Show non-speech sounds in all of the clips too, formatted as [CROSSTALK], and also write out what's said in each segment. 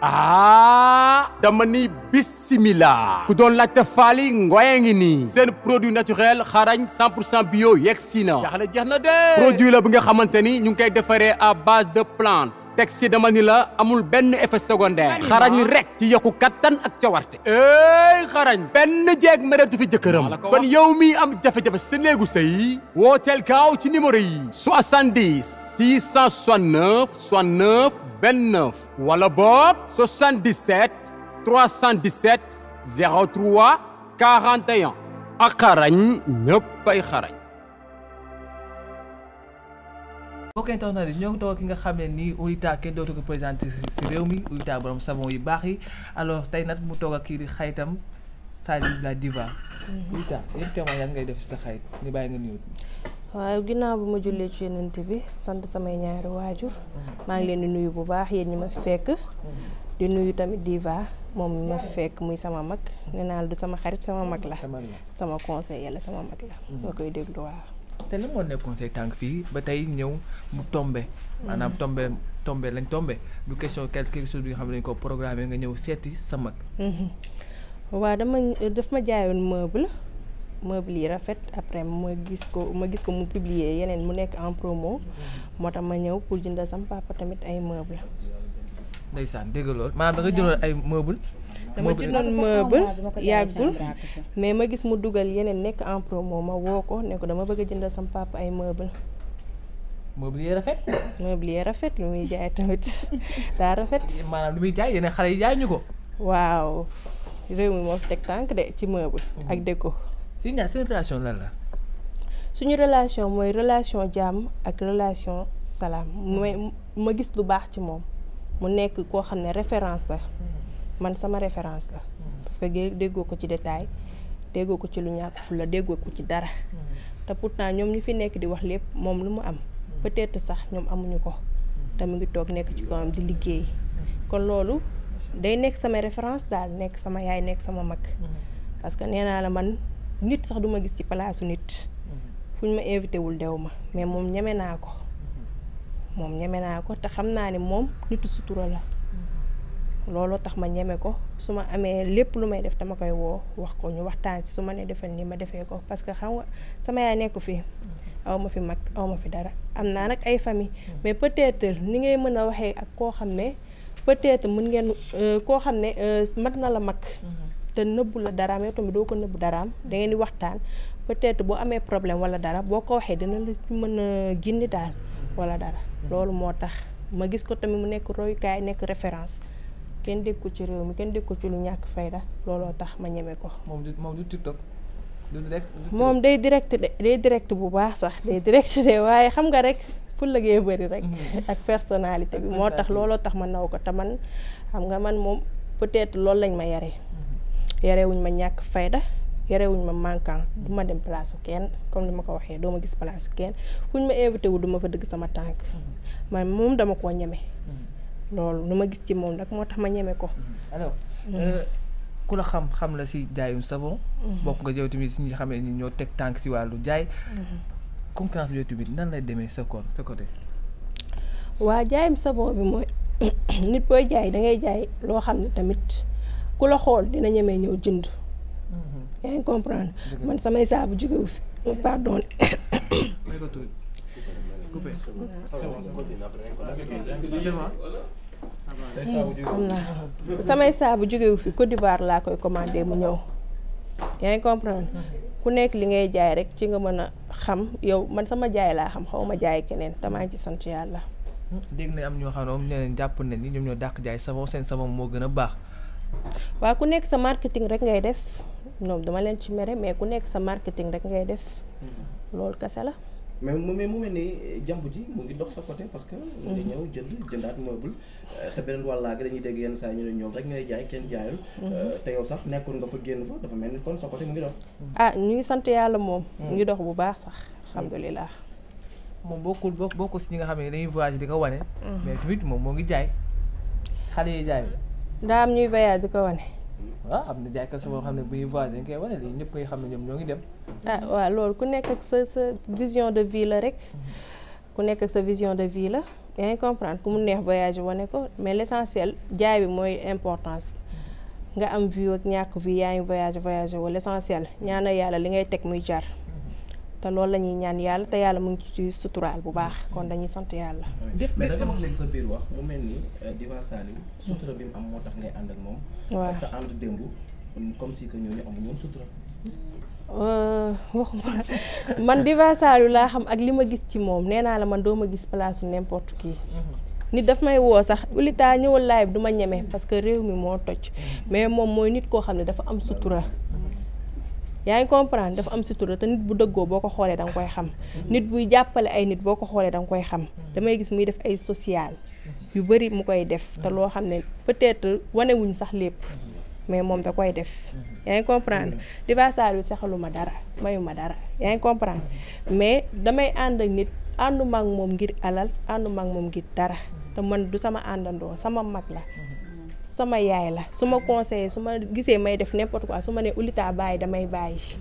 ah dama ni bisimila ku doon laajte faali ngoye ngi nii seen produit naturel xarañ 100 pour cent bio yegg si na jaaxle jeex na de produit la bu nga xamante ni ñu ngi koy defaree a base de plante teg si dama ni la amul benn effet secondaire xarañ rek ci yokku kattan ak cawarte éy xarañ benn jeeg mereetu fi jëkkëram kon yow mi am jafe-jafe se néegu sëy wooteel kaaw ci numéro yi 70 669 69 29 walla boog 77 317 03 41 ak xarañ ñëpp ay xarañ. mbokk internet yi ñoo ngi toog ki nga xam ne nii Oulita kenn dootu ko présenté si réew mi Oulita borom savon yu baax yi alors tey nag mu toog ak kii di xaytam Sali la diva. Mm. Oulita yan témoignage ngay def ci sa xayit ñu bàyyi nga nuyoo. waaw ginnaaw bi ma jullee ci yonent bi sant samay ñaari waajur maa ngi leen di nuyu bu baax yéen ñi ma fekk di nuyu tamit diva moom mi ma fekk muy sama mag nee naa du sama xarit sama mag la sama conseil yàlla sama mag la nga koy déglu waaw te la moo nekkoon say tànk fii ba tey ñëw mu tombe maanaam tombe tombe lañ tombe du question quelque chose bi nga xam ne dañ ko programme nga ñëw seeti sa mag mhm. waaw dama daf ma jaayoon meuble meuble yi rafet après ma gis ko ma gis ko mu piblier yeneen mu nekk en promo moo tax ma ñëw pour jëndal sama papa tamit ay meuble ndeysaan dégg loolu maanaam da nga jëndoon ay meuble dama jëndoon meuble yàggul mais ma gis mu dugal yeneen nekk en promo ma woo ko ne dama bëgg a jëndal sama papa ay meuble meuble yi rafet meuble rafet lu muy jaay tamit [LAUGHS] daa rafet maanaam lu muy jaay yeneen xale yi jaay ñu ko waaw réew mi moo teg tànk de ci meuble ak mhm. déco si nga seen la. suñu relation mooy relation jàmm ak relation salaam mooy ma gis lu baax ci moom mu nekk koo xam ne référence la mm-hmm. man sama référence la mm-hmm. parce déggoo ko ci détail déggoo ko ci lu ñàkk la déggoo ko ci dara mm-hmm. te pourtant ñoom ñu fi nekk di wax lépp moom lu mu am peut-être sax ñoom amuñu ko te mu ngi toog nekk ci kawam di liggéey kon loolu day nekk sama référence daal nekk sama yaay nekk sama mag parce nee naa la man nit sax duma gis ci palaasu nit fu mhm. fuñ ma invité wul dew ma mais moom ñeme naa ko mhm. moom ñeme naa ko te xam naa ne moom nitu sutura la mhm. looloo tax ma ñeme ko su ma amee lépp lu may def dama koy woo wax ko ñu waxtaan si su ma ne defal nii ma defee ko parce que xam nga sama yaay nekku fii aw ma fi mag aw ma fi dara am naa nag ay famille mais peut-être ni ngay mën a waxee ak koo xam ne peut-être mën ngeen euh, koo xam ne euh, mat na la mag te nëbbu la daraam yow tamit doo ko nëbbu daraam da ngeen di waxtaan peut-être boo amee problème wala dara boo ko waxee dana lu mën a gindi daal wala dara loolu moo tax ma gis ko tamit mu nekk royukaay nekk référence kenn dégg ko ci réew mi kenn dégg ko ci lu ñàkk fayda looloo tax ma ñeme ko. moom moom du TikTok du moom day direct de day direct bu baax sax day direct de waaye xam nga rek. fu lëggee bëri rek mm-hmm. ak personnalité bi moo tax looloo tax ma naw ko te man xam nga man moom peut-être loolu lañ ma yaree yarewuñ ma ñàkk fayda yarewuñ ma manquant du ma dem place kenn comme ni ma ko waxee doo ma gis place kenn fuñ ma invité wu du ma fa dëgg sama tànk mm-hmm. man moom dama koo ñeme mm-hmm. loolu nu ma gis ci moom nag moo tax ma ñeme ko mm-hmm. Euh, ku la xam xam la si jaayum savon bokk nga yow tamit si ñi xam ne ñoo teg tànk si wàllu jaay concurrence bi yow tamit nan lay demee sa koor sa côté waa jaayum savon bi mooy [COUGHS] nit booy jaay da ngay jaay loo xam ne tamit ku la xool dina ñemee ñëw jënd. Mm-hmm. yaa ngi comprendre man samay saabu jógewu fi oh, pardon. [COUGHS] saabu jógewu fi Côte d'Ivoire laa koy commandé mu ñëw. yaa ngi comprendre mm-hmm. ku nekk li ngay jaay rek ci nga mën a xam yow man sama jaay laa xam xaw ma jaay keneen tamaa ci sant yàlla. Mm, dégg na am ñoo xam ne moom jàpp na ni ñoom ñoo dàq jaay savon seen savon moo gën a baax. waaw ku nekk sa marketing rek ngay def ñoom dama leen ci mere mais ku nekk sa marketing rek ngay def hmm. loolu kese la mais mu mais mu mel ni jàmb ji mu ngi dox sa côté parce que nga hmm. ñëw jënd jëndaat meuble euh, te beneen wàllaa gi dañuy dégg yenn saa ñu ne ñoom rek ngay jaay kenn jaayul hmm. euh, te yow sax nekkoon nga fa génn mel ni kon sa côté mu ngi dox ah ñu ngi sant yàlla moom mu ngi dox bu baax sax alhamdulilah moom boo bokk si ñi nga xam ne dañuy voyage di ko wane mais tamit moom moo ngi jaay xale yi jaay daa am ñuy voyage di ko wane. waaw ah, am na jaaykat boo xam ne bu ñuy voyage dañ koy wane lii ñëpp nga xam ne ñoom ñoo ngi dem. ah waaw loolu ku nekk ak sa sa vision de vie la rek. ku nekk ak sa vision de vie la. yaa ngi comprendre ku mu neex voyage wane ko mais l'essentiel jaay bi mooy importance. nga am vue ak ñàkk vue yaa ngi voyage voyage wala l'essentiel ñaanal yàlla li ngay teg muy jar. te loolu la ñuy ñaan yàlla te yàlla mu ngi ci suturaal bu baax kon dañuy sant yàlla. mais da nga wax léegi sa biir wax mu mel ni euh, Diva euh, [LAUGHS] man Diva Saliou laa xam ak li ma gis ci moom nee naa la man doo ma gis place n'importe qui. Mhm. nit dafa may woo sax ulita ñëwal laay du ma ñeme parce que réew mi moo toj mhm. mais moom mooy nit koo xam ne dafa am sutura. yaa ngi comprendre dafa am sutura te nit bu dëggoo boo ko xoolee danga koy xam nit buy jàppale ay nit boo ko xoolee danga koy xam damay gis muy def ay social yu bëri mu koy def te loo xam ne peut-être wanewuñ sax lépp mais moom da koy def yaa ngi comprendre Diva Sarr bi dara mayu ma dara yaa ngi comprendre mais damay ànd ak nit ànduma ak moom ngir alal ànduma ak moom ngir dara te man du sama àndandoo sama mag la sama yaay la su ma conseillé su ma gisee may def n'importe quoi su ma nee Oulita bàyyi damay bàyyi.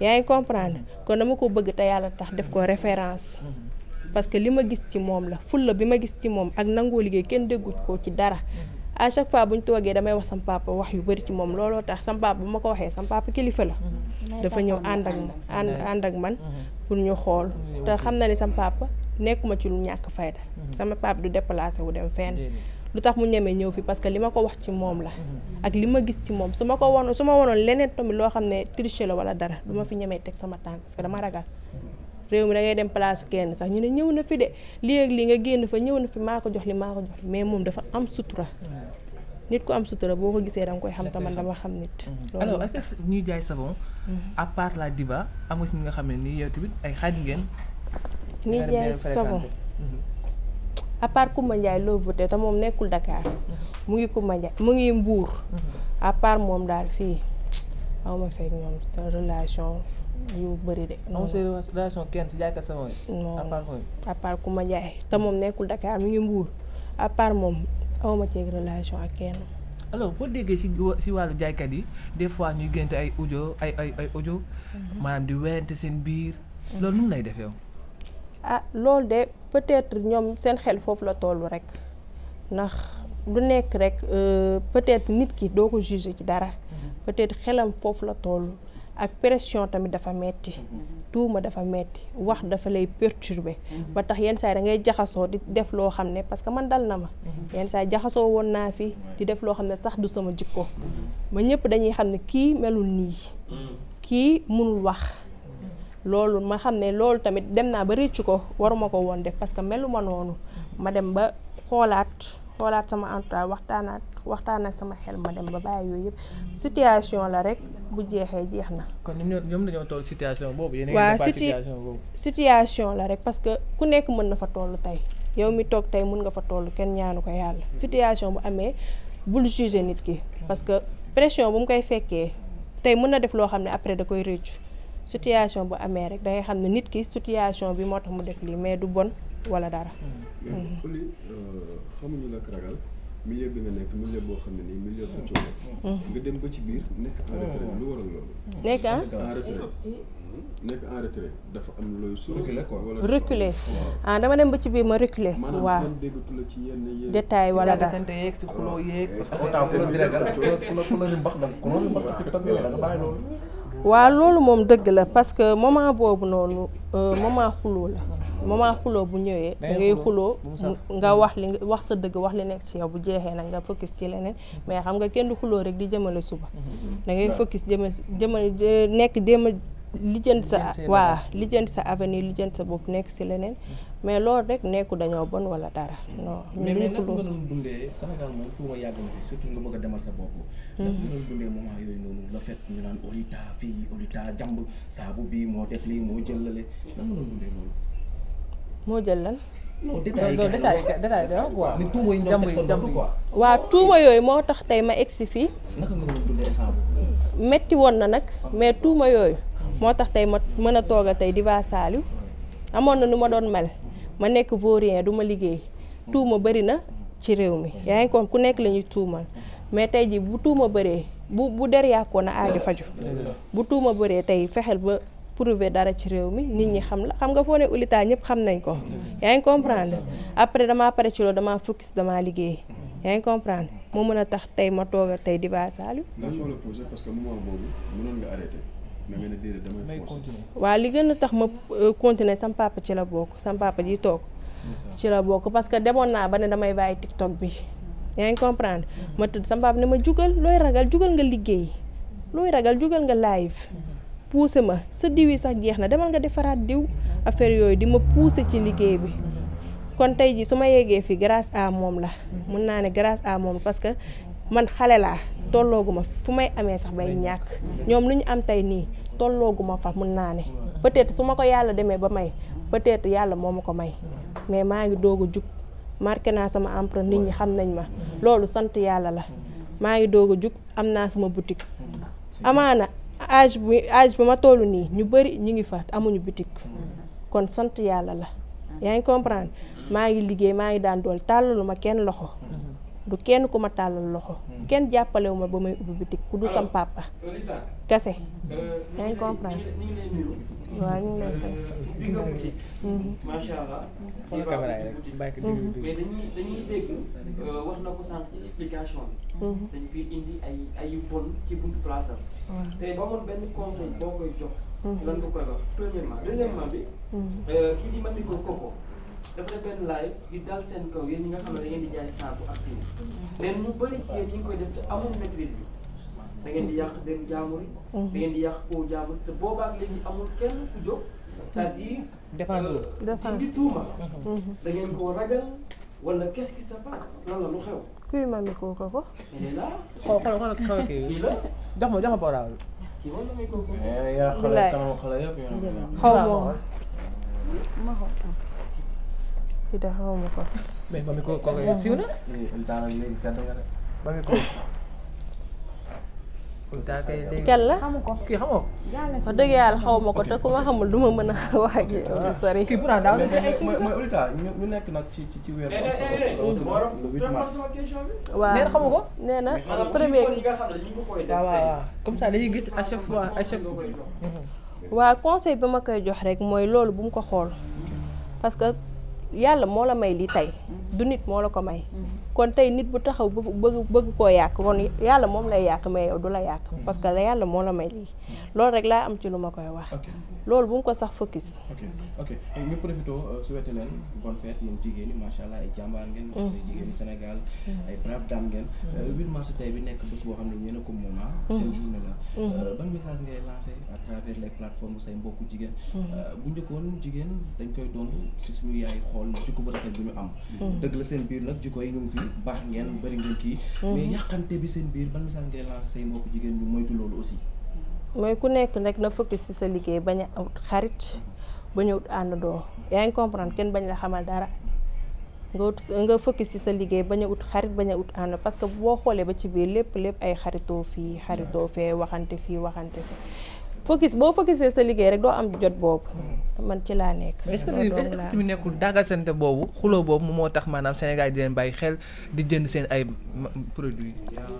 yaa ngi comprendre kon dama ko bëgg te yàlla tax def ko référence. Mhm. parce que li ma gis ci moom la fulla bi ma gis ci moom ak nangoo liggéey kenn déggu ko ci dara. Mhm. à chaque fois bu ñu toogee damay wax sam papa wax yu bari ci moom looloo tax sam papa bu ma ko waxee sam papa kilifa la. Mhm. dafa ñëw ànd ak man ànd ak man pour ñu xool te xam na ni sam papa nekkuma ci lu sama papa du lu tax mu ñemee ñëw fi parce li ma ko wax ci moom la mm-hmm. ak li ma gis ci moom su ma ko wonoon su ma wonoon leneen tamit loo xam ne triché la wala dara du ma fi ñeme teg sama tànk parce que dama ragal réew mi da ngay dem place kenn sax ñu ne ñëw na fi de lii li lii nga génn fa ñëw na fi maa ko jox li maa ko jox li mais moom dafa am sutura mm-hmm. nit ku am sutura boo ko gisee da koy xam tamit dama xam nit mm-hmm. alors est-ce que ñuy jaay savon à part la diva am nga si ñi nga xam ne nii yow tamit ay xaaj ngeen ñuy jaay savon à part Koumba Ndiaye loo voté te moom nekkul Dakar mm-hmm. mu ngi Koumba Ndiaye mu ngi Mbour mm-hmm. à part moom daal fii aw ma fekk ñoom sa relation yu bëri de. non sa relation kenn si jaaykat sama à part mooy. à part Koumba nekkul dakaar mu ngi Mbour à part moom awma ma ceeg relation ak kenn. alors boo déggee si si wàllu jaaykat yi des fois ñuy génte ay audio ay ay ay audio mm-hmm. maanaam di werante seen biir. loolu nu mu def yow. ah loolu de. peut-être ñoom seen xel foofu la toll rek ndax lu nekk rek euh, peut-être nit ki doo ko juger ci dara mm-hmm. peut-être xelam foofu la toll ak pression tamit dafa metti mm-hmm. tuuma dafa metti wax dafa lay perturber mm-hmm. ba tax yenn saa yi da ngay jaxasoo di def loo xam ne parce que man dal na ma yenn saa jaxasoo woon naa fi di def loo xam ne sax du sama jikko ma ñëpp dañuy xam ne kii melul nii kii mënul wax loolu ma xam ne loolu tamit dem naa ba rëccu ko waruma ko woon def parce que melu ma noonu ma dem ba xoolaat xoolaat sama entourage waxtaanaat waxtaan ak sama xel ma dem ba bàyyi yooyu yëpp situation la rek bu jeexee jeex na. kon ñoom dañoo toll situation boobu. yéen a ngi situation boobu situation la rek parce que ku nekk mën na fa toll tey yow mi toog tey mun nga fa toll kenn ñaanu ko yàlla. situation bu amee bul juger nit ki. parce que pression bu mu koy fekkee tey mën na def loo xam ne après da koy rëccu. situation bu amee rek da ngay xam ne nit ki situation bi moo tax mu def lii mais du bon wala dara. xuli hmm. hmm. euh, xamuñu nag ragal milieu bi nga nekk milieu boo xam ne nii milieu bu coono. Hmm. nga dem ba ci biir nekk en retrait lu waral loolu. nekk en retrait nekk en retrait dafa am looy su reculer quoi wala reculer ah dama dem ba ci biir ma reculer. waaw maanaam man déggatu la ci yenn yenn. détail wala dara ci yeeg si xuloo yeeg. parce que autant ku la di ragal ku la ku la rimbax da nga ku la rimbax ci tiktok yooyu da nga bàyyi loolu. waa loolu moom dëgg la parce que moment boobu noonu euh, moment xuloo la moment xuloo bu ñëwee da ngay xuloo nga wax li nga wax sa dëgg wax li nekk ci yow bu jeexee nag nga focus ci leneen mais xam nga kenn du xuloo rek di jëmale suba da ngay jëmal nekk déema lijjant sa waa lijjant sa avenir lijjant sa bopp nekk si leneen mais loolu rek nekku dañoo bon wala dara non mais mais naka hmm. nga doon dundee Sénégal demal sa bopp naka nga doon noonu la fekk ñu naan Oulita fii Oulita jàmb saabu bii moo def lii moo jël lale naka nga doon dundee loolu moo lan non tuuma yooyu moo tax tey ma egsi fii naka nga metti woon na nag mais tuuma yooyu moo tax tey ma mën a toog a tey Diva Saliou amoon na nu ma doon mal ma nekk vaurien duma ma liggéey tuuma bëri na ci réew mi yaa ngi kon ku nekk lañuy ñuy tuumal mais tey ji bu tuuma bëree bu bu der yàqoo a aajo faju bu tuuma bëree tey fexel ba prouver dara ci réew mi nit ñi xam la xam nga foo ne Oulita ñëpp xam nañ ko yaa ngi comprendre après damaa pare ci loolu damaa focus damaa liggéey yaa ngi comprendre moo mën a tax tey ma toogal tey Diva Saliou. parce que waaw li gën a tax ma euh, continuer sam ci la bokk sam papa ji toog ci la bokk parce que demoon naa ba ne damay bàyyi tiktok bi yaa ngi comprendre ma tudd sam papa ne ma jugal looy ragal jugal nga liggéey looy ragal jugal nga live poussé ma sa diw yi sax jeex na demal nga defaraat diw affaire yooyu di ma poussé ci liggéey bi kon tey jii su ma yéegee fii grâce a moom la mun naa ne grâce à moom parce que man xale laa tollooguma fu may amee sax bay ñàkk ñoom lu ñu am tey nii tollooguma fa mun naa ne peut-être su ma ko yàlla demee ba may peut yàlla moo ma ko may mais maa ngi doog a jug marqué naa sama empre nit ñi xam nañ ma loolu sant yàlla la maa ngi doog a jug am naa sama boutique amaana âge bi âge bi ma toll nii ñu bëri ñu ngi fa amuñu boutique kon sant yàlla la yaa ngi comprendre maa ngi liggéey maa ngi daan dool tàll tàllalu ma kenn loxo du kenn ku ma tàllal loxo. Hmm. kenn jàppalewu ma ba may ubbi bitik ku du sam papa. Euh, kase. Euh, yaa ngi comprendre. waaw ñu ngi lay fay. bi euh, nga wuti. Mhm. macha allah. xool caméra yi rek bàyyi ko déglu mhm. mais dañuy dañuy dégg wax na ko sànq ci explication bi. Mhm. dañu fi indi ay ay yu bon ci buntu place am. tey boo amoon benn conseil boo koy jox. lan nga koy wax premièrement deuxièmement bi. kii di mën ko koko. dafa def benn live di dal seen kaw yéen ñi nga xam ne da ngeen di jaay saabu ak kii nee na ñu ci yéen ñu ngi koy def te amul maîtrise bi da ngeen di yàq deru jaamur yi mm-hmm. da ngeen di yàq koo jaamur te boobaak léegi amul kenn ku jóg c'est-à-dire défendre euh, di tuuma mm-hmm. Mm-hmm. da ngeen koo ragal wala qu'est-ce qui se passe lu xew kuy mami kooka ko oh, xool xool xool xool kii jox ma jox ma boraal kii moom la muy kooku eh, yaa xale kanam xaw ma xaw kii de xaw ma ko. ko kooku yow siiw na. léegi la xamu ko kii dëgg yàlla xaw ma ko te ku ma xamul du ma mën a waaj a sori. kii pourtant daaw nekk nag ci ci weer bi. le 8 mars. ko. nee na premier waaw waaw comme ça dañuy gis à chaque fois à chaque. conseil bi ma koy jox rek mooy loolu bu mu ko xool parce yàlla moo la may li tey du nit moo la ko may mm-hmm. kon tey nit bu taxaw bëgg bëgg koo yàq kon yàlla moom lay yàq mais yow du la yàq mm-hmm. parce la yàlla moo la may lii mm-hmm. loolu rek laa am ci lu ma koy wax loolu bu mu ko sax focus ok bi nekk bés boo xam ne ñeen a ko moment ah. mm-hmm. seen journée la euh, ban message ngay lancé à travers les plateformes say mbokku jigéen euh, bu njëkkoon jigéen dañ koy doon si suñu yaay xool jikko bu rafet bi ñu am dëgg la seen biir nag jikko yi ñu ngi fi baax ngeen bëri ngeen kii. Mhm. mais yàqante bi seen biir ban message ngay lancer say mbokk jigéen ñu moytu loolu mooy ku nekk rek na focus ci sa liggéey bañ a xarit ba ñëw àndandoo yaa ngi comprendre kenn bañ la xamal dara. nga ut nga focus ci sa liggéey bañ a ut xarit bañ a ut ànd parce que boo xoolee ba ci biir lépp lépp ay xaritoo fii xaritoo fee waxante fii waxante fii. focus boo focusé sa liggéey rek doo am jot boobu. man ci laa nekk. est-ce que tamit nekkul dàggasante boobu xuloo boobu moo tax maanaam Sénégal di leen bàyyi xel di jënd seen ay produits.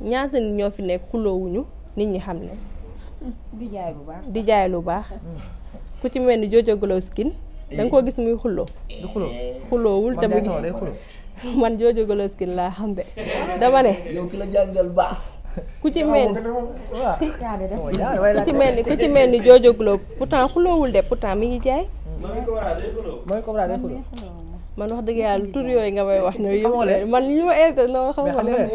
ñaata nit ñoo fi nekk xuloowuñu nit ñi xam ne. di jaay bu baax di jaay lu baax. ku ci mel ni Jojo Glow Skin. da koo gis muy xuloo. du xuloo xuloowul te [LAUGHS] man Jojo Glow Skin laa xam de dama ne. la jàngal baax. ku ci mel ni ku ci mel ni ku ci mel ni Jojo Globe pourtant xuloowul de pourtant mi ngi jaay. mooy Cobra day xuloo man wax dëgg yàlla tur yooyu nga may wax noonu yëpp man ñu ma invité non xaw ma leen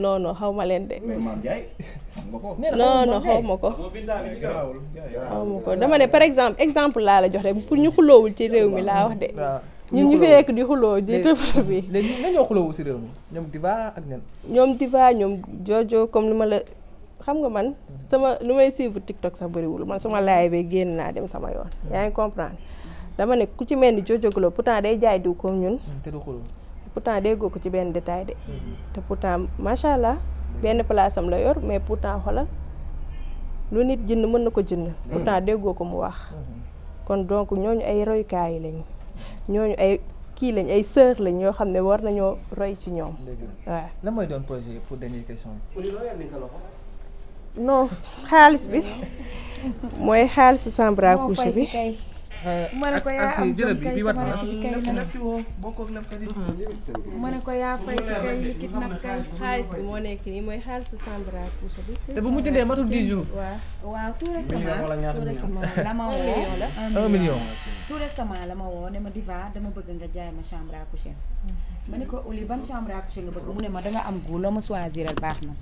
non non xaw ma leen de non non xaw ma ko xaw ma ko dama ne par exemple exemple laa la jox rek pour ñu xuloowul ci réew mi laa wax de ñu ñu fi nekk di xuloo di rëf bi si réew mi ñoom diva ak ñan ñoom diva ñoom joojo comme ni ma la xam nga man mm. sama lu may suivre TikTok sax bëriwul man suma laay bi génn naa dem sama yoon mm. yaa ngi comprendre dama ne ku ci mel ni joojo guloo pourtant day jaay diw comme ñun mm, te du pourtant déggoo ko ci benn détail de mm-hmm. te pourtant macha allah benn place am la yor mais pourtant xoolal lu nit jënd mën na ko jënd pourtant déggoo ko mu wax mm-hmm. kon donc ñooñu ay yi lañu ñooñu ay kii lañ ay sœur lañ yoo xam ne war nañoo roy ci ñoom. waaw lan mooy doon projet pour dernière question non xaalis bi [LAUGHS] mooy xaalisu chambre à coucher bi. ma ne ko yaa am jom kay sama nag ma ne ko yaa fay si kay likit nag xaalis bi moo nekk nii mooy xaalisu Sambra Kousa bi te bu mu jëndee matul 10 jours waaw waaw tout la ma woo un million tout diva dama bëgg nga jaay a chambre à mm-hmm. ma ne ko uli ban chambre nga bëgg mu ne ma danga am gu loo ma choisiral baax na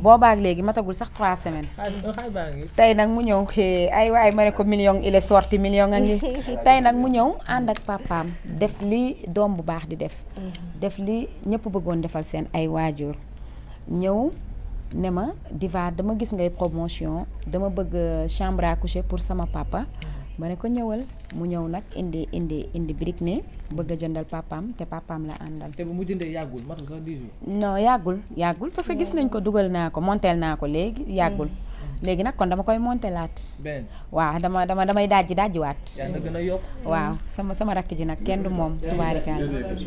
boobaak léegi matagul sax trois semaines tey nag mu ñëw eh, ay waay ma ne ko million il est sorti million a ngi [LAUGHS] tey nag mu ñëw ànd ak papaam def li doom bu baax di def mm-hmm. def li ñëpp bëggoon defal seen ay waajur ñëw ne ma Diva dama gis ngay promotion dama bëgg euh, chambre à coucher pour sama papa mm-hmm. ma ne ko ñëwal mu ñëw nag indi indi indi birig ne bëgg a jëndal papaam te papaam la àndal. te bu mu jëndee yàggul matu sax 10 jours. non yàggul yàggul parce que gis mm-hmm. nañ ko dugal naa ko monteel naa ko léegi yàggul. léegi nag kon dama koy monte laat. waaw dama dama damay dajji dajjiwaat. yaa ngi a yokk. waaw sama sama rakk ji nag kenn du moom. tubaarikàlla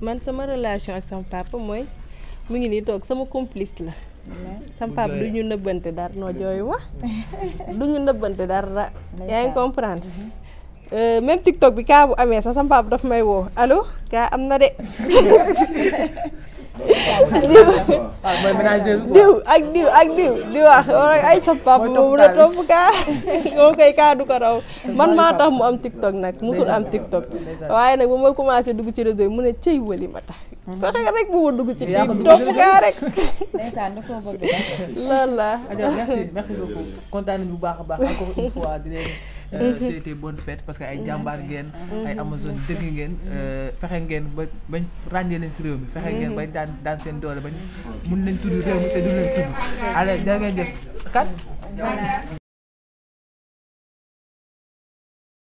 man sama relation ak sama papa mooy mu ngi nii toog sama complice la. sama papa du ñu nëbbante dara noo jooyu ma du ñu nëbbante dara. yaa ngi comprendre. même TikTok bi kaa bu amee sa sama papa dafa may woo alo kaa am na de. diw diw ak diw ak diw di wax ay sa pap moom la topp kaa [LAUGHS] moom koy kaa ko raw man maa tax mu am tiktok nag musul am tiktok waaye nag ba ma commencé dugg ci réseau yi mu ne cëy wali ma tax fexe rek bu dugg ci topp kaa rek loolu la merci kontaan bu baax a baax encore une fois Euh, mhm. c'était bonne fête parce que ay jàmbaar ngeen ay amazon dëgg ngeen euh, fexe ngeen ba bañ ràññee leen si réew mi fexe ngeen bañ daan daan seen doole bañ mun leen tudd réew mi te du leen tudd allez da ngeen jëf kat